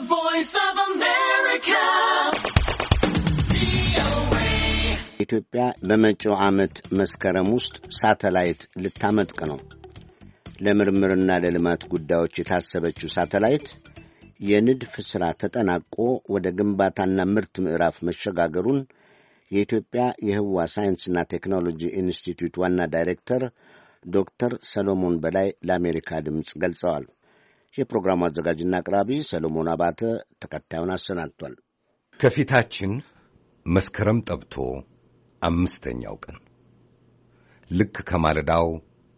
The ኢትዮጵያ በመጪው ዓመት መስከረም ውስጥ ሳተላይት ልታመጥቅ ነው። ለምርምርና ለልማት ጉዳዮች የታሰበችው ሳተላይት የንድፍ ሥራ ተጠናቆ ወደ ግንባታና ምርት ምዕራፍ መሸጋገሩን የኢትዮጵያ የህዋ ሳይንስና ቴክኖሎጂ ኢንስቲትዩት ዋና ዳይሬክተር ዶክተር ሰሎሞን በላይ ለአሜሪካ ድምፅ ገልጸዋል። የፕሮግራሙ አዘጋጅና አቅራቢ ሰሎሞን አባተ ተከታዩን አሰናድቷል። ከፊታችን መስከረም ጠብቶ አምስተኛው ቀን ልክ ከማለዳው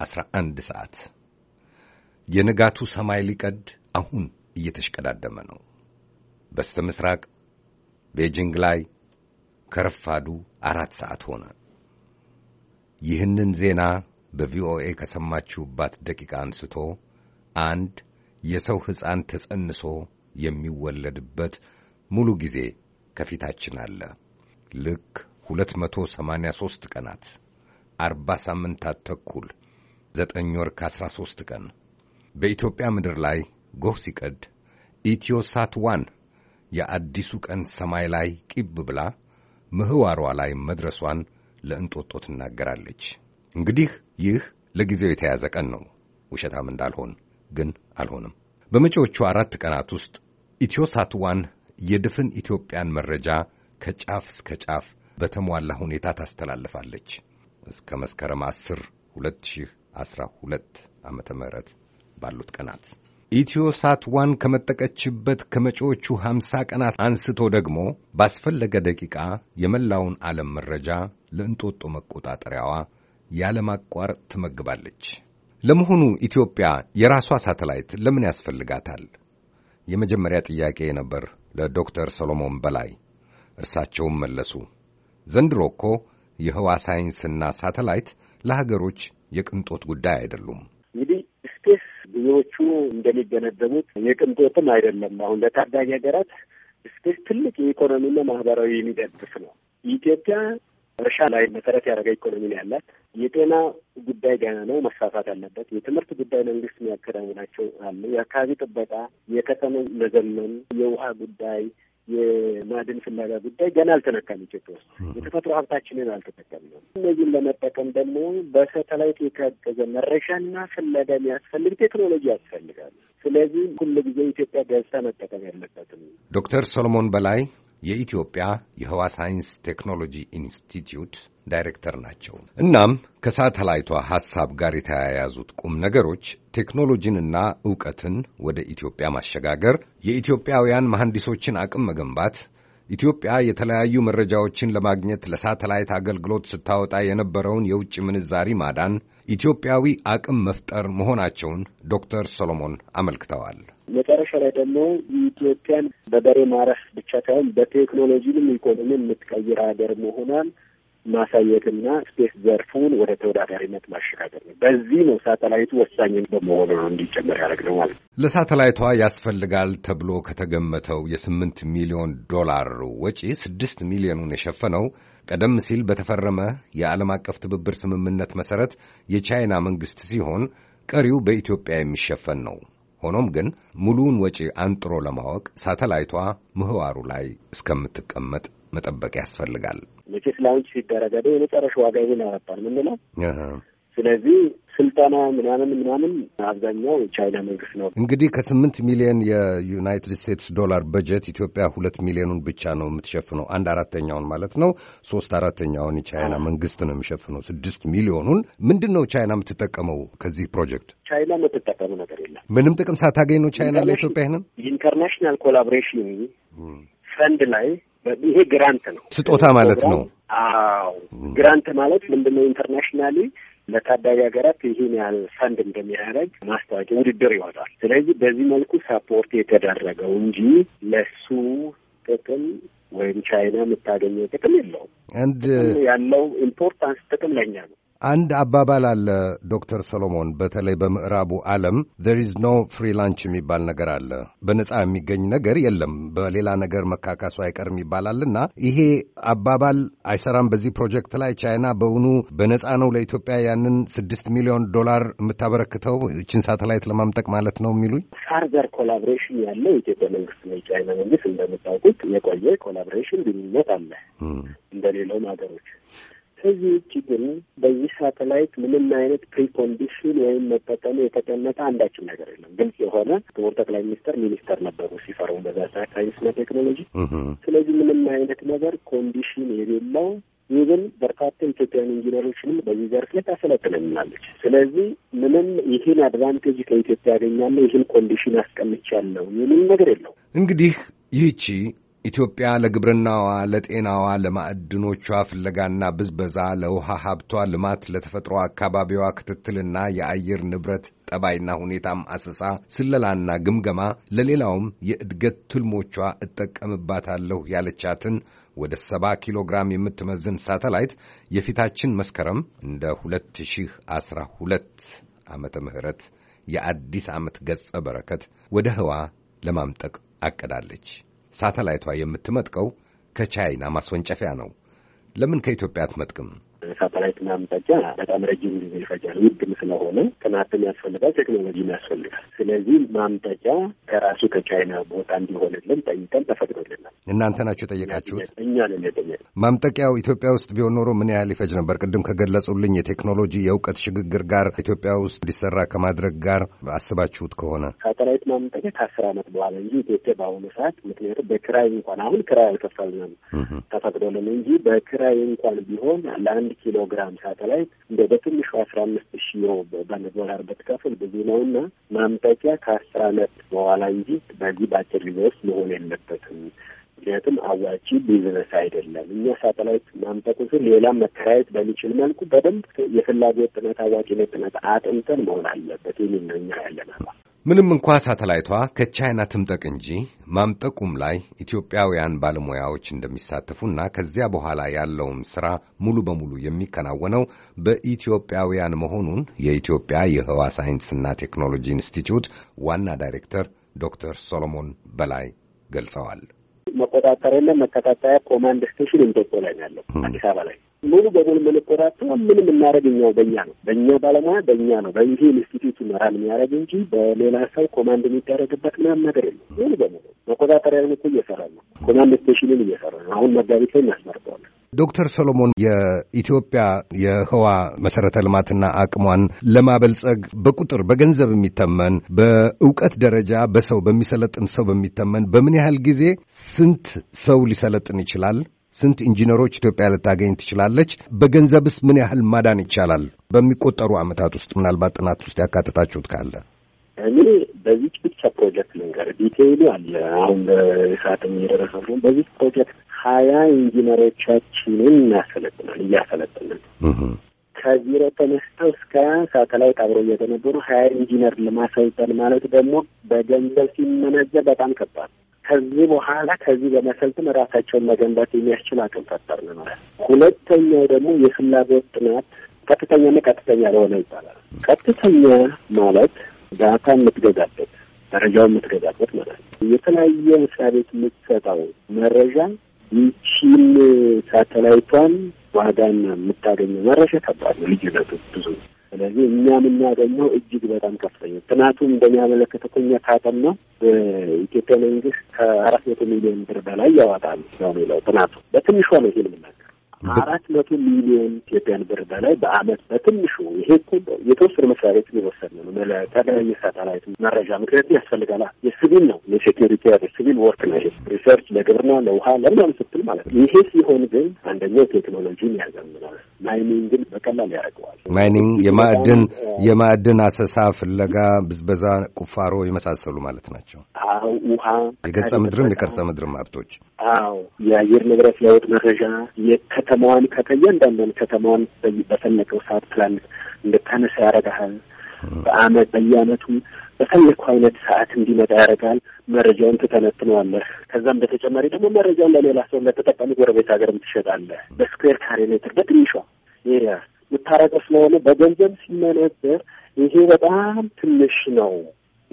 ዐሥራ አንድ ሰዓት የንጋቱ ሰማይ ሊቀድ አሁን እየተሽቀዳደመ ነው። በስተ ምሥራቅ ቤጂንግ ላይ ከረፋዱ አራት ሰዓት ሆነ። ይህንን ዜና በቪኦኤ ከሰማችሁባት ደቂቃ አንስቶ አንድ የሰው ሕፃን ተጸንሶ የሚወለድበት ሙሉ ጊዜ ከፊታችን አለ። ልክ 283 ቀናት፣ 40 ሳምንታት ተኩል፣ 9 ወር ከ13 ቀን በኢትዮጵያ ምድር ላይ ጎህ ሲቀድ ኢትዮሳት ዋን የአዲሱ ቀን ሰማይ ላይ ቂብ ብላ ምህዋሯ ላይ መድረሷን ለእንጦጦ ትናገራለች። እንግዲህ ይህ ለጊዜው የተያዘ ቀን ነው፣ ውሸታም እንዳልሆን ግን አልሆንም በመጪዎቹ አራት ቀናት ውስጥ ኢትዮሳት ዋን የድፍን ኢትዮጵያን መረጃ ከጫፍ እስከ ጫፍ በተሟላ ሁኔታ ታስተላልፋለች። እስከ መስከረም 10 2012 ዓ ም ባሉት ቀናት ኢትዮሳት ዋን ከመጠቀችበት ከመጪዎቹ 50 ቀናት አንስቶ ደግሞ ባስፈለገ ደቂቃ የመላውን ዓለም መረጃ ለእንጦጦ መቆጣጠሪያዋ ያለማቋረጥ ትመግባለች። ለመሆኑ ኢትዮጵያ የራሷ ሳተላይት ለምን ያስፈልጋታል? የመጀመሪያ ጥያቄ ነበር ለዶክተር ሰሎሞን በላይ። እርሳቸውም መለሱ፣ ዘንድሮ እኮ የህዋ ሳይንስና ሳተላይት ለሀገሮች የቅንጦት ጉዳይ አይደሉም። እንግዲህ ስፔስ ብዙዎቹ እንደሚገነዘቡት የቅንጦትም አይደለም። አሁን ለታዳጊ ሀገራት ስፔስ ትልቅ የኢኮኖሚና ማህበራዊ የሚደግፍ ነው። ኢትዮጵያ እርሻ ላይ መሰረት ያደረገ ኢኮኖሚ ነው ያላት። የጤና ጉዳይ ገና ነው፣ መስፋፋት ያለበት የትምህርት ጉዳይ መንግስት የሚያከናውናቸው አሉ። የአካባቢ ጥበቃ፣ የከተማ መዘመን፣ የውሃ ጉዳይ የማዕድን ፍለጋ ጉዳይ ገና አልተነካም። ኢትዮጵያ ውስጥ የተፈጥሮ ሀብታችንን አልተጠቀምንም። እነዚህን ለመጠቀም ደግሞ በሳተላይት የታገዘ መረሻና ፍለጋ የሚያስፈልግ ቴክኖሎጂ ያስፈልጋል። ስለዚህ ሁሉ ጊዜ ኢትዮጵያ ገዝታ መጠቀም ያለበትም ዶክተር ሰሎሞን በላይ የኢትዮጵያ የህዋ ሳይንስ ቴክኖሎጂ ኢንስቲትዩት ዳይሬክተር ናቸው። እናም ከሳተላይቷ ሐሳብ ጋር የተያያዙት ቁም ነገሮች ቴክኖሎጂንና እውቀትን ወደ ኢትዮጵያ ማሸጋገር፣ የኢትዮጵያውያን መሐንዲሶችን አቅም መገንባት ኢትዮጵያ የተለያዩ መረጃዎችን ለማግኘት ለሳተላይት አገልግሎት ስታወጣ የነበረውን የውጭ ምንዛሪ ማዳን ኢትዮጵያዊ አቅም መፍጠር መሆናቸውን ዶክተር ሰሎሞን አመልክተዋል። መጨረሻ ላይ ደግሞ ኢትዮጵያን በበሬ ማረፍ ብቻ ሳይሆን በቴክኖሎጂንም ኢኮኖሚ የምትቀይር ሀገር መሆኗን ማሳየትና ስፔስ ዘርፉን ወደ ተወዳዳሪነት ማሸጋገር ነው። በዚህ ነው ሳተላይቱ ወሳኝ በመሆኑ ነው እንዲጨመር ያደረግነው ማለት ነው። ለሳተላይቷ ያስፈልጋል ተብሎ ከተገመተው የስምንት ሚሊዮን ዶላር ወጪ ስድስት ሚሊዮኑን የሸፈነው ቀደም ሲል በተፈረመ የዓለም አቀፍ ትብብር ስምምነት መሰረት የቻይና መንግስት ሲሆን ቀሪው በኢትዮጵያ የሚሸፈን ነው። ሆኖም ግን ሙሉውን ወጪ አንጥሮ ለማወቅ ሳተላይቷ ምህዋሩ ላይ እስከምትቀመጥ መጠበቅ ያስፈልጋል። መቼስ ላውንች ሲደረገ ደ የመጨረሻ ዋጋ ይሄን ያወጣል ምንለው። ስለዚህ ስልጠና ምናምን ምናምን አብዛኛው የቻይና መንግስት ነው። እንግዲህ ከስምንት ሚሊዮን የዩናይትድ ስቴትስ ዶላር በጀት ኢትዮጵያ ሁለት ሚሊዮኑን ብቻ ነው የምትሸፍነው። አንድ አራተኛውን ማለት ነው። ሶስት አራተኛውን የቻይና መንግስት ነው የሚሸፍነው። ስድስት ሚሊዮኑን ምንድን ነው ቻይና የምትጠቀመው ከዚህ ፕሮጀክት? ቻይና የምትጠቀመው ነገር የለም። ምንም ጥቅም ሳታገኝ ነው ቻይና ለኢትዮጵያ ይህንን ኢንተርናሽናል ኮላቦሬሽን ፈንድ ላይ ይሄ ግራንት ነው፣ ስጦታ ማለት ነው። አዎ ግራንት ማለት ምንድነው ኢንተርናሽናሊ ለታዳጊ ሀገራት ይህን ያህል ፈንድ እንደሚያደርግ ማስታወቂያ ውድድር ይወጣል። ስለዚህ በዚህ መልኩ ሰፖርት የተደረገው እንጂ ለሱ ጥቅም ወይም ቻይና የምታገኘው ጥቅም የለውም። አንድ ያለው ኢምፖርታንስ ጥቅም ለኛ ነው። አንድ አባባል አለ ዶክተር ሰሎሞን፣ በተለይ በምዕራቡ ዓለም ዘር ኢዝ ኖ ፍሪ ላንች የሚባል ነገር አለ። በነፃ የሚገኝ ነገር የለም፣ በሌላ ነገር መካካሱ አይቀርም ይባላልና ይሄ አባባል አይሰራም። በዚህ ፕሮጀክት ላይ ቻይና በእውኑ በነፃ ነው ለኢትዮጵያ ያንን ስድስት ሚሊዮን ዶላር የምታበረክተው እችን ሳተላይት ለማምጠቅ ማለት ነው የሚሉኝ። ፋርዘር ኮላቦሬሽን ያለው የኢትዮጵያ መንግስትና የቻይና መንግስት እንደምታውቁት የቆየ ኮላቦሬሽን ግንኙነት አለ እንደሌለውም ሀገሮች ከዚህ ውጭ ግን በዚህ ሳተላይት ምንም አይነት ፕሪኮንዲሽን ወይም መጠቀሙ የተቀመጠ አንዳችም ነገር የለም። ግልጽ የሆነ ክቡር ጠቅላይ ሚኒስተር ሚኒስተር ነበሩ ሲፈርሙ በዛ ሰዓት ሳይንስና ቴክኖሎጂ። ስለዚህ ምንም አይነት ነገር ኮንዲሽን የሌለው ይህን በርካታ ኢትዮጵያን ኢንጂነሮችንም በዚህ ዘርፍ ላይ ታሰለጥነናለች። ስለዚህ ምንም ይህን አድቫንቴጅ ከኢትዮጵያ ያገኛለ ይህን ኮንዲሽን አስቀምቻለሁ የሚል ነገር የለው። እንግዲህ ይህቺ ኢትዮጵያ ለግብርናዋ፣ ለጤናዋ፣ ለማዕድኖቿ ፍለጋና ብዝበዛ፣ ለውሃ ሀብቷ ልማት፣ ለተፈጥሮ አካባቢዋ ክትትልና የአየር ንብረት ጠባይና ሁኔታም አሰሳ፣ ስለላና ግምገማ፣ ለሌላውም የእድገት ትልሞቿ እጠቀምባታለሁ ያለቻትን ወደ 70 ኪሎ ግራም የምትመዝን ሳተላይት የፊታችን መስከረም እንደ 2012 ዓመተ ምህረት የአዲስ ዓመት ገጸ በረከት ወደ ህዋ ለማምጠቅ አቅዳለች። ሳተላይቷ የምትመጥቀው ከቻይና ማስወንጨፊያ ነው። ለምን ከኢትዮጵያ አትመጥቅም? ሳተላይት ማምጠጫ በጣም ረጅም ጊዜ ይፈጃል፣ ውድም ስለሆነ ጥናትም ያስፈልጋል፣ ቴክኖሎጂም ያስፈልጋል። ስለዚህ ማምጠጫ ከራሱ ከቻይና ቦታ እንዲሆንልን ጠይቀን ተፈቅዶልናል። እናንተ ናችሁ የጠየቃችሁት? እኛ ነን የጠየቅ። ማምጠቂያው ኢትዮጵያ ውስጥ ቢሆን ኖሮ ምን ያህል ይፈጅ ነበር? ቅድም ከገለጹልኝ የቴክኖሎጂ የእውቀት ሽግግር ጋር ኢትዮጵያ ውስጥ እንዲሰራ ከማድረግ ጋር አስባችሁት ከሆነ ሳተላይት ማምጠቂያ ከአስር ዓመት በኋላ እንጂ ኢትዮጵያ በአሁኑ ሰዓት ምክንያቱም በክራይ እንኳን አሁን ክራይ አልከፈልንም ተፈቅዶልን እንጂ በክራይ እንኳን ቢሆን ለአንድ አንድ ኪሎ ግራም ሳተላይት እንደ በትንሹ አስራ አምስት ሺ በዶላር ብትከፍል ብዙ ነው ነውና ማምጠቂያ ከአስር አመት በኋላ እንጂ በዚህ በአጭር ጊዜ ውስጥ መሆን የለበትም። ምክንያቱም አዋጪ ቢዝነስ አይደለም። እኛ ሳተላይት ማምጠቁ ስል ሌላም መከራየት በሚችል መልኩ በደንብ የፍላጎት ጥናት፣ አዋጭነት ጥናት አጥንተን መሆን አለበት የሚል ነው እኛ ያለን አባ ምንም እንኳ ሳተላይቷ ከቻይና ትምጠቅ እንጂ ማምጠቁም ላይ ኢትዮጵያውያን ባለሙያዎች እንደሚሳተፉና ከዚያ በኋላ ያለውም ሥራ ሙሉ በሙሉ የሚከናወነው በኢትዮጵያውያን መሆኑን የኢትዮጵያ የህዋ ሳይንስና ቴክኖሎጂ ኢንስቲትዩት ዋና ዳይሬክተር ዶክተር ሶሎሞን በላይ ገልጸዋል። መቆጣጠሪያና መከታተያ ኮማንድ ስቴሽን እንጦጦ ላይ ያለው አዲስ አበባ ላይ ሙሉ በሙሉ መነቆራቸው ምንም እናደረግኛው በእኛ ነው፣ በእኛ ባለሙያ በእኛ ነው፣ በእንጂ ኢንስቲትዩት መራል የሚያደረግ እንጂ በሌላ ሰው ኮማንድ የሚደረግበት ምናም ነገር የለም። ሙሉ በሙሉ መቆጣጠሪያ እኮ እየሰራ ነው፣ ኮማንድ ስቴሽንን እየሰራ ነው። አሁን መጋቢት ላይ እናስመርጠዋለን። ዶክተር ሰሎሞን የኢትዮጵያ የህዋ መሰረተ ልማትና አቅሟን ለማበልጸግ በቁጥር በገንዘብ የሚተመን በእውቀት ደረጃ በሰው በሚሰለጥን ሰው በሚተመን በምን ያህል ጊዜ ስንት ሰው ሊሰለጥን ይችላል? ስንት ኢንጂነሮች ኢትዮጵያ ልታገኝ ትችላለች? በገንዘብስ ምን ያህል ማዳን ይቻላል? በሚቆጠሩ ዓመታት ውስጥ ምናልባት ጥናት ውስጥ ያካተታችሁት ካለ እኔ በዚች ብቻ ፕሮጀክት ልንገር፣ ዲቴይሉ አለ አሁን ሰዓት የደረሰው ሲሆን በዚህ ፕሮጀክት ሀያ ኢንጂነሮቻችንን ያሰለጥናል እያሰለጥናል ከዜሮ ተነስተው እስከ ሳተላይት አብረው እየተነበሩ ሀያ ኢንጂነር ለማሰልጠን ማለት ደግሞ በገንዘብ ሲመነዘር በጣም ከባድ ከዚህ በኋላ ከዚህ በመሰልትም ራሳቸውን መገንባት የሚያስችል አቅም ፈጠርን ማለት ሁለተኛው ደግሞ የፍላጎት ጥናት ቀጥተኛና ቀጥተኛ ለሆነ ይባላል። ቀጥተኛ ማለት ዳታ የምትገዛበት መረጃውን የምትገዛበት ማለት ነው። የተለያየ መስሪያ ቤት የምትሰጠው መረጃ ይቺን ሳተላይቷን ዋጋና የምታገኘው መረጃ ከባድ ነው። ልዩነቱ ብዙ ስለዚህ እኛ የምናገኘው እጅግ በጣም ከፍተኛ ጥናቱም እንደሚያመለክተው እኛ ነው በኢትዮጵያ መንግስት ከአራት መቶ ሚሊዮን ብር በላይ ያዋጣል ነው የሚለው ጥናቱ። በትንሿ ነው ይሄ የምናገር አራት መቶ ሚሊዮን ኢትዮጵያን ብር በላይ በአመት በትንሹ ይሄ እኮ የተወሰኑ መስሪያ ቤት የወሰነ ነው። ለተለያየ ሳተላይት መረጃ ምክንያቱም ያስፈልጋል። የሲቪል ነው የሴኪሪቲ ሲቪል ወርክ ነው። ይሄ ሪሰርች ለግብርና ለውሃ ለምናምን ስትል ማለት ነው። ይሄ ሲሆን ግን አንደኛው ቴክኖሎጂን ያዘምናል። ማይኒንግን በቀላል ያደርገዋል። ማይኒንግ የማዕድን የማዕድን አሰሳ፣ ፍለጋ፣ ብዝበዛ፣ ቁፋሮ የመሳሰሉ ማለት ናቸው። አዎ ውሃ፣ የገጸ ምድርም የከርሰ ምድርም ሀብቶች፣ አዎ የአየር ንብረት ለውጥ መረጃ የከተ ከተማዋን ከእያንዳንዷን ከተማዋን በፈለገው ሰዓት ፕላን እንድታነሳ ያደርግሃል። በአመት በየአመቱ በፈለግኩ አይነት ሰዓት እንዲመጣ ያደርጋል። መረጃውን ትተነትነዋለህ። ከዛም በተጨማሪ ደግሞ መረጃውን ለሌላ ሰው ለተጠቃሚ ጎረቤት ሀገርም ትሸጣለህ። በስኩዌር ካሬ ሜትር በትንሿ ኤሪያ የምታረቀው ስለሆነ በገንዘብ ሲመነበር ይሄ በጣም ትንሽ ነው።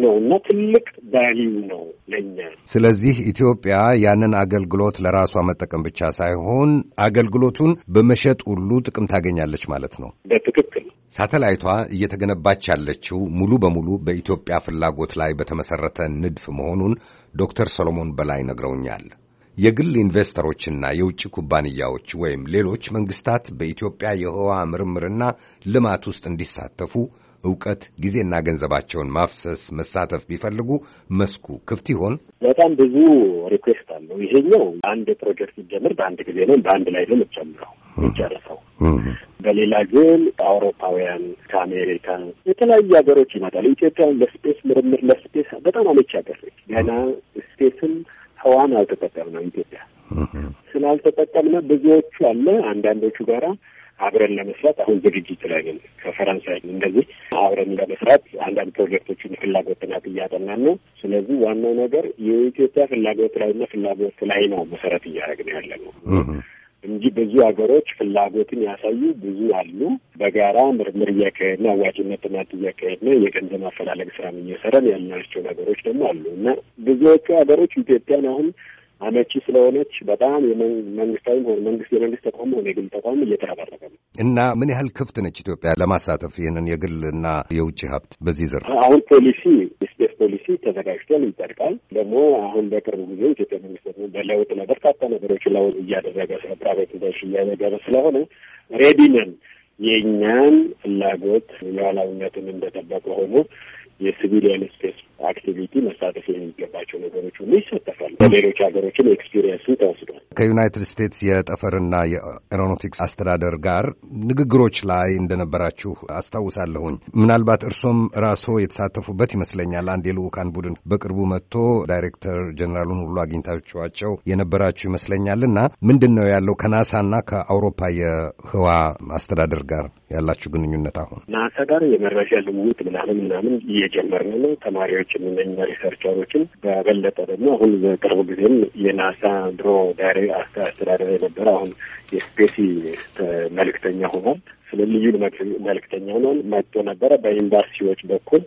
ነው እና ትልቅ ቫሊዩ ነው ለእኛ። ስለዚህ ኢትዮጵያ ያንን አገልግሎት ለራሷ መጠቀም ብቻ ሳይሆን አገልግሎቱን በመሸጥ ሁሉ ጥቅም ታገኛለች ማለት ነው። በትክክል ሳተላይቷ እየተገነባች ያለችው ሙሉ በሙሉ በኢትዮጵያ ፍላጎት ላይ በተመሰረተ ንድፍ መሆኑን ዶክተር ሰሎሞን በላይ ነግረውኛል። የግል ኢንቨስተሮችና የውጭ ኩባንያዎች ወይም ሌሎች መንግስታት በኢትዮጵያ የህዋ ምርምርና ልማት ውስጥ እንዲሳተፉ እውቀት፣ ጊዜና ገንዘባቸውን ማፍሰስ መሳተፍ ቢፈልጉ መስኩ ክፍት ይሆን? በጣም ብዙ ሪኩዌስት አለው። ይሄኛው አንድ ፕሮጀክት ሲጀምር በአንድ ጊዜ ነው በአንድ ላይ ነው የምትጨምረው የሚጨርሰው። በሌላ ግን አውሮፓውያን ከአሜሪካ የተለያዩ ሀገሮች ይመጣሉ። ኢትዮጵያን ለስፔስ ምርምር ለስፔስ በጣም አመች ሀገር ነች። ገና ስፔስም ህዋን አልተጠቀምነው ኢትዮጵያ ስላልተጠቀምነ ብዙዎቹ አለ አንዳንዶቹ ጋራ አብረን ለመስራት አሁን ዝግጅት ላይ ነን። ከፈረንሳይ እንደዚህ አብረን ለመስራት አንዳንድ ፕሮጀክቶችን ፍላጎት ጥናት እያጠናን ነው። ስለዚህ ዋናው ነገር የኢትዮጵያ ፍላጎት ላይ ላይና ፍላጎት ላይ ነው መሰረት እያደረግን ያለ ነው እንጂ ብዙ ሀገሮች ፍላጎትን ያሳዩ ብዙ አሉ። በጋራ ምርምር እያካሄድን አዋጭነት ጥናት እያካሄድን የገንዘብ ማፈላለግ ስራም እየሰራን ያልናቸው ነገሮች ደግሞ አሉ እና ብዙዎቹ ሀገሮች ኢትዮጵያን አሁን አመቺ ስለሆነች በጣም መንግስታዊ ሆነ መንግስት የመንግስት ተቋም ሆነ የግል ተቋም እየተረባረበ ነው እና ምን ያህል ክፍት ነች ኢትዮጵያ ለማሳተፍ ይህንን የግል እና የውጭ ሀብት በዚህ ዘርፍ አሁን ፖሊሲ ስፔስ ፖሊሲ ተዘጋጅቷል፣ ይጠርቃል ደግሞ አሁን በቅርቡ ጊዜ ኢትዮጵያ መንግስት ደግሞ በለውጥ ለበርካታ ነገሮች ለውጥ እያደረገ ስለ ፕራይቬታይዜሽን እያደረገ ስለሆነ ሬዲ ነን። የእኛን ፍላጎት የኋላዊነትን እንደጠበቀ ሆኖ የሲቪሊያን ስፔስ አክቲቪቲ መሳተፍ የሚገባቸው ነገሮች ሁሉ ይሳተፋል። ከሌሎች ሀገሮችም ኤክስፒሪየንስን ተወስዷል። ከዩናይትድ ስቴትስ የጠፈርና የኤሮኖቲክስ አስተዳደር ጋር ንግግሮች ላይ እንደነበራችሁ አስታውሳለሁኝ። ምናልባት እርሶም ራስዎ የተሳተፉበት ይመስለኛል። አንድ የልዑካን ቡድን በቅርቡ መጥቶ ዳይሬክተር ጀኔራሉን ሁሉ አግኝታችኋቸው የነበራችሁ ይመስለኛል እና ምንድን ነው ያለው ከናሳና ከአውሮፓ የህዋ አስተዳደር ጋር ያላችሁ ግንኙነት? አሁን ናሳ ጋር የመረጃ ልውውጥ ምናምን ምናምን እየጀመርን ነው ተማሪዎች ሪሰርቸሮችን እነኛ ሪሰርቸሮችን በበለጠ ደግሞ አሁን በቅርብ ጊዜም የናሳ ድሮ ዳይሬ አስተዳደር የነበረ አሁን የስፔሲ መልክተኛ ሆኗል። ስለ ልዩ መልክተኛ ሆኗል መጥቶ ነበረ በዩኒቨርሲቲዎች በኩል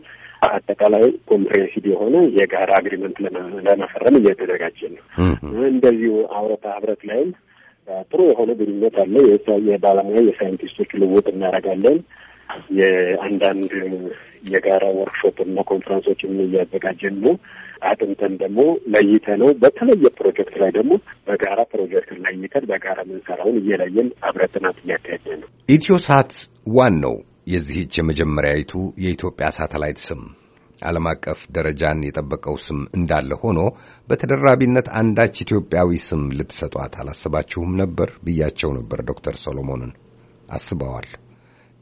አጠቃላይ ኮምፕሬሄንሲቭ የሆነ የጋራ አግሪመንት ለመፈረም እየተዘጋጀ ነው። እንደዚሁ አውሮፓ ህብረት ላይም ጥሩ የሆነ ግንኙነት አለ። የባለሙያ የሳይንቲስቶች ልውውጥ እናደርጋለን። የአንዳንድ የጋራ ወርክሾፕ እና ኮንፈረንሶችን እያዘጋጀን ነው። አጥንተን ደግሞ ለይተ ነው በተለየ ፕሮጀክት ላይ ደግሞ በጋራ ፕሮጀክት ለይተን በጋራ ምንሰራውን እየለየን አብረትናት ጥናት እያካሄደ ነው። ኢትዮሳት ዋን ነው የዚህች የመጀመሪያዊቱ የኢትዮጵያ ሳተላይት ስም ዓለም አቀፍ ደረጃን የጠበቀው ስም እንዳለ ሆኖ በተደራቢነት አንዳች ኢትዮጵያዊ ስም ልትሰጧት አላስባችሁም ነበር ብያቸው ነበር ዶክተር ሶሎሞንን አስበዋል።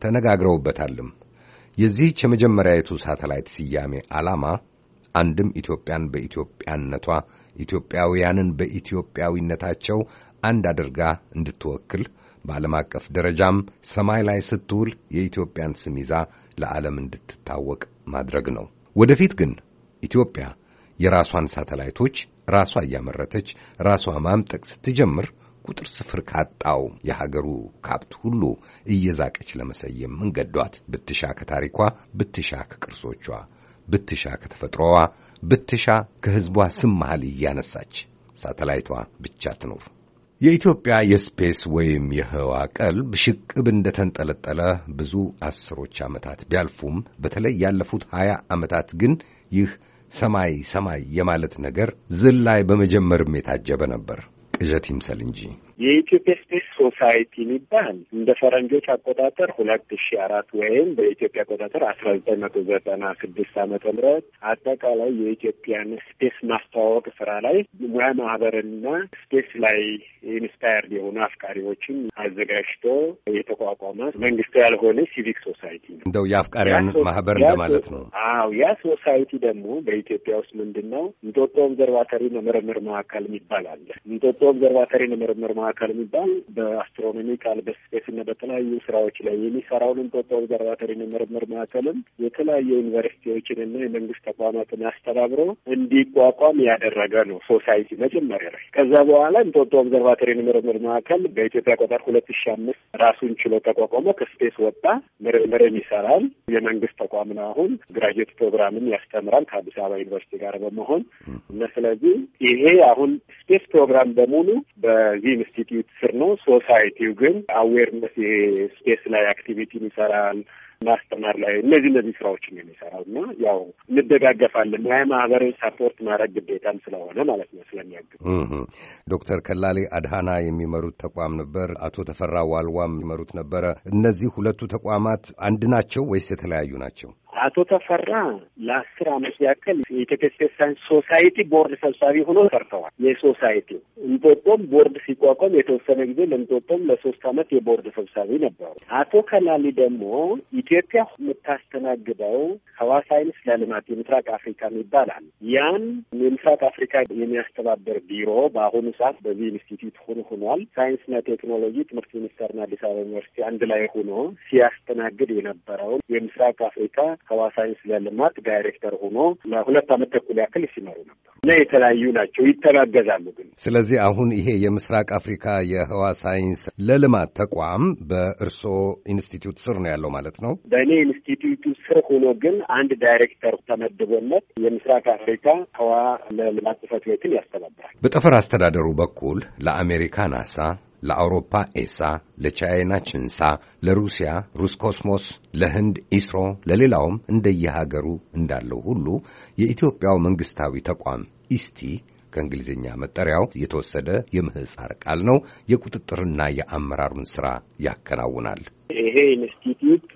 ተነጋግረውበታልም። የዚህች የመጀመሪያይቱ ሳተላይት ስያሜ ዓላማ አንድም ኢትዮጵያን በኢትዮጵያነቷ ኢትዮጵያውያንን በኢትዮጵያዊነታቸው አንድ አድርጋ እንድትወክል በዓለም አቀፍ ደረጃም ሰማይ ላይ ስትውል የኢትዮጵያን ስም ይዛ ለዓለም እንድትታወቅ ማድረግ ነው። ወደፊት ግን ኢትዮጵያ የራሷን ሳተላይቶች ራሷ እያመረተች ራሷ ማምጠቅ ስትጀምር ቁጥር ስፍር ካጣው የሀገሩ ካብት ሁሉ እየዛቀች ለመሰየም እንገዷት ብትሻ ከታሪኳ፣ ብትሻ ከቅርሶቿ፣ ብትሻ ከተፈጥሮዋ፣ ብትሻ ከሕዝቧ ስም መሃል እያነሳች ሳተላይቷ ብቻ ትኖር። የኢትዮጵያ የስፔስ ወይም የህዋ ቀልብ ሽቅብ እንደተንጠለጠለ ብዙ አስሮች ዓመታት ቢያልፉም በተለይ ያለፉት ሀያ ዓመታት ግን ይህ ሰማይ ሰማይ የማለት ነገር ዝላይ በመጀመርም የታጀበ ነበር። ቅዠት ይምሰል እንጂ የኢትዮጵያ ስፔስ ሶሳይቲ የሚባል እንደ ፈረንጆች አቆጣጠር ሁለት ሺ አራት ወይም በኢትዮጵያ አቆጣጠር አስራ ዘጠኝ መቶ ዘጠና ስድስት አመተ ምህረት አጠቃላይ የኢትዮጵያን ስፔስ ማስተዋወቅ ስራ ላይ ሙያ ማህበርና ስፔስ ላይ ኢንስፓየርድ የሆኑ አፍቃሪዎችን አዘጋጅቶ የተቋቋመ መንግስት ያልሆነ ሲቪክ ሶሳይቲ ነው። እንደው የአፍቃሪያን ማህበር እንደማለት ነው። አዎ ያ ሶሳይቲ ደግሞ በኢትዮጵያ ውስጥ ምንድን ነው እንጦጦ ኦብዘርቫተሪ ምርምር ማዕከል የሚባል አለ። እንጦጦ ኦብዘርቫተሪ ምርምር ማዕከል የሚባል በአስትሮኖሚካል በስፔስ እና በተለያዩ ስራዎች ላይ የሚሰራውን እንጦጦ ኦብዘርቫቶሪ ምርምር ማዕከልም የተለያዩ ዩኒቨርሲቲዎችን እና የመንግስት ተቋማትን አስተባብሮ እንዲቋቋም ያደረገ ነው ሶሳይቲ መጀመሪያ ላይ። ከዛ በኋላ እንጦጦ ኦብዘርቫቶሪ ምርምር ማዕከል በኢትዮጵያ ቆጠር ሁለት ሺ አምስት ራሱን ችሎ ተቋቋመ። ከስፔስ ወጣ፣ ምርምርን ይሰራል። የመንግስት ተቋም ነው። አሁን ግራጅዌት ፕሮግራምን ያስተምራል ከአዲስ አበባ ዩኒቨርሲቲ ጋር በመሆን እና ስለዚህ ይሄ አሁን ስፔስ ፕሮግራም በሙሉ በዚህ ምስ ኢንስቲትዩት ስር ነው። ሶሳይቲው ግን አዌርነስ ስፔስ ላይ አክቲቪቲን ይሰራል ማስተማር ላይ እነዚህ እነዚህ ስራዎች ነው የሚሰራው እና ያው እንደጋገፋለን ሙያ ማህበርን ሰፖርት ማድረግ ግዴታም ስለሆነ ማለት ነው ስለሚያግዝ ዶክተር ከላሌ አድሃና የሚመሩት ተቋም ነበር አቶ ተፈራ ዋልዋም የሚመሩት ነበረ እነዚህ ሁለቱ ተቋማት አንድ ናቸው ወይስ የተለያዩ ናቸው አቶ ተፈራ ለአስር አመት ያክል የኢትዮጵያ ሳይንስ ሶሳይቲ ቦርድ ሰብሳቢ ሆኖ ሰርተዋል። የሶሳይቲው እንጦጦም ቦርድ ሲቋቋም የተወሰነ ጊዜ ለእንጦጦም ለሶስት አመት የቦርድ ሰብሳቢ ነበሩ። አቶ ከላሊ ደግሞ ኢትዮጵያ የምታስተናግደው ህዋ ሳይንስ ለልማት የምስራቅ አፍሪካ ይባላል። ያን የምስራቅ አፍሪካ የሚያስተባበር ቢሮ በአሁኑ ሰዓት በዚህ ኢንስቲትዩት ሆኖ ሆኗል። ሳይንስና ቴክኖሎጂ ትምህርት ሚኒስቴርና አዲስ አበባ ዩኒቨርሲቲ አንድ ላይ ሆኖ ሲያስተናግድ የነበረውን የምስራቅ አፍሪካ ሐዋሳ የስነ ልማት ዳይሬክተር ሆኖ ለሁለት አመት ተኩል ያክል ሲመሩ ነበር እና የተለያዩ ናቸው። ይተጋገዛሉ ግን ስለዚህ አሁን ይሄ የምስራቅ አፍሪካ የህዋ ሳይንስ ለልማት ተቋም በእርሶ ኢንስቲትዩት ስር ነው ያለው ማለት ነው። በእኔ ኢንስቲትዩቱ ስር ሆኖ ግን አንድ ዳይሬክተር ተመድቦለት የምስራቅ አፍሪካ ህዋ ለልማት ጽፈት ቤትን ያስተባብራል። በጠፈር አስተዳደሩ በኩል ለአሜሪካ ናሳ ለአውሮፓ ኤሳ፣ ለቻይና ችንሳ፣ ለሩሲያ ሩስ ኮስሞስ፣ ለህንድ ኢስሮ፣ ለሌላውም እንደየሀገሩ እንዳለው ሁሉ የኢትዮጵያው መንግስታዊ ተቋም ኢስቲ ከእንግሊዝኛ መጠሪያው የተወሰደ የምህፃር ቃል ነው። የቁጥጥርና የአመራሩን ስራ ያከናውናል። ይሄ ኢንስቲትዩት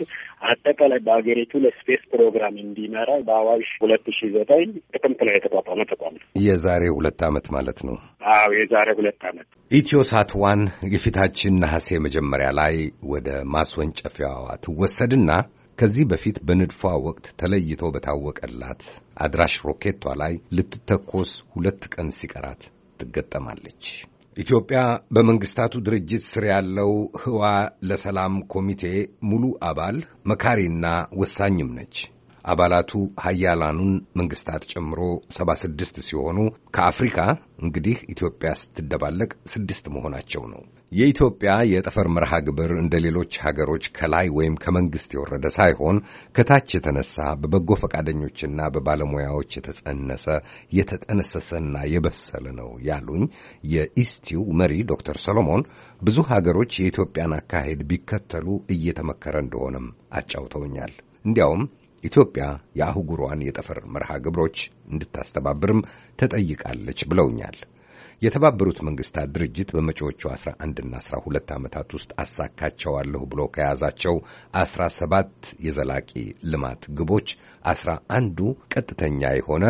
አጠቃላይ በሀገሪቱ ለስፔስ ፕሮግራም እንዲመራ በአዋሽ ሁለት ሺ ዘጠኝ ጥቅምት ላይ የተቋቋመ ተቋም ነው። የዛሬ ሁለት ዓመት ማለት ነው። አዎ የዛሬ ሁለት ዓመት ኢትዮሳት ዋን የፊታችን ነሐሴ መጀመሪያ ላይ ወደ ማስወንጨፊያዋ ትወሰድና ከዚህ በፊት በንድፏ ወቅት ተለይቶ በታወቀላት አድራሽ ሮኬቷ ላይ ልትተኮስ ሁለት ቀን ሲቀራት ትገጠማለች። ኢትዮጵያ በመንግስታቱ ድርጅት ስር ያለው ህዋ ለሰላም ኮሚቴ ሙሉ አባል መካሪና ወሳኝም ነች። አባላቱ ሀያላኑን መንግስታት ጨምሮ ሰባ ስድስት ሲሆኑ ከአፍሪካ እንግዲህ ኢትዮጵያ ስትደባለቅ ስድስት መሆናቸው ነው። የኢትዮጵያ የጠፈር መርሃ ግብር እንደ ሌሎች ሀገሮች ከላይ ወይም ከመንግስት የወረደ ሳይሆን ከታች የተነሳ በበጎ ፈቃደኞችና በባለሙያዎች የተጸነሰ የተጠነሰሰና የበሰለ ነው ያሉኝ የኢስቲው መሪ ዶክተር ሰሎሞን ብዙ ሀገሮች የኢትዮጵያን አካሄድ ቢከተሉ እየተመከረ እንደሆነም አጫውተውኛል። እንዲያውም ኢትዮጵያ የአህጉሯን የጠፈር መርሃ ግብሮች እንድታስተባብርም ተጠይቃለች ብለውኛል። የተባበሩት መንግስታት ድርጅት በመጪዎቹ 11ና 12 ዓመታት ውስጥ አሳካቸዋለሁ ብሎ ከያዛቸው 17 የዘላቂ ልማት ግቦች 11ዱ ቀጥተኛ የሆነ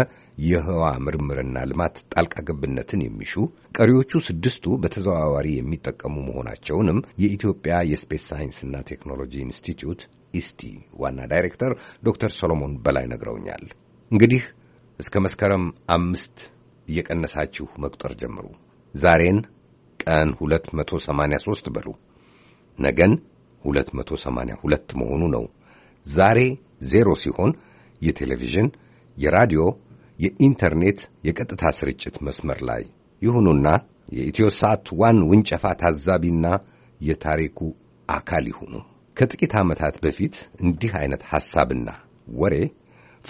የህዋ ምርምርና ልማት ጣልቃ ገብነትን የሚሹ ቀሪዎቹ ስድስቱ በተዘዋዋሪ የሚጠቀሙ መሆናቸውንም የኢትዮጵያ የስፔስ ሳይንስና ቴክኖሎጂ ኢንስቲትዩት ኢስቲ ዋና ዳይሬክተር ዶክተር ሰሎሞን በላይ ነግረውኛል። እንግዲህ እስከ መስከረም አምስት እየቀነሳችሁ መቁጠር ጀምሩ። ዛሬን ቀን 283 በሉ። ነገን 282 መሆኑ ነው። ዛሬ ዜሮ ሲሆን የቴሌቪዥን፣ የራዲዮ፣ የኢንተርኔት የቀጥታ ስርጭት መስመር ላይ ይሁኑና የኢትዮሳት ዋን ውንጨፋ ታዛቢና የታሪኩ አካል ይሁኑ። ከጥቂት ዓመታት በፊት እንዲህ አይነት ሐሳብና ወሬ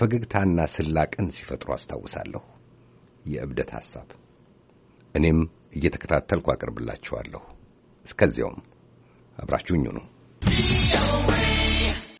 ፈገግታና ስላቅን ሲፈጥሩ አስታውሳለሁ። የእብደት ሐሳብ እኔም እየተከታተልኩ አቀርብላችኋለሁ። እስከዚያውም አብራችሁኝ ነው።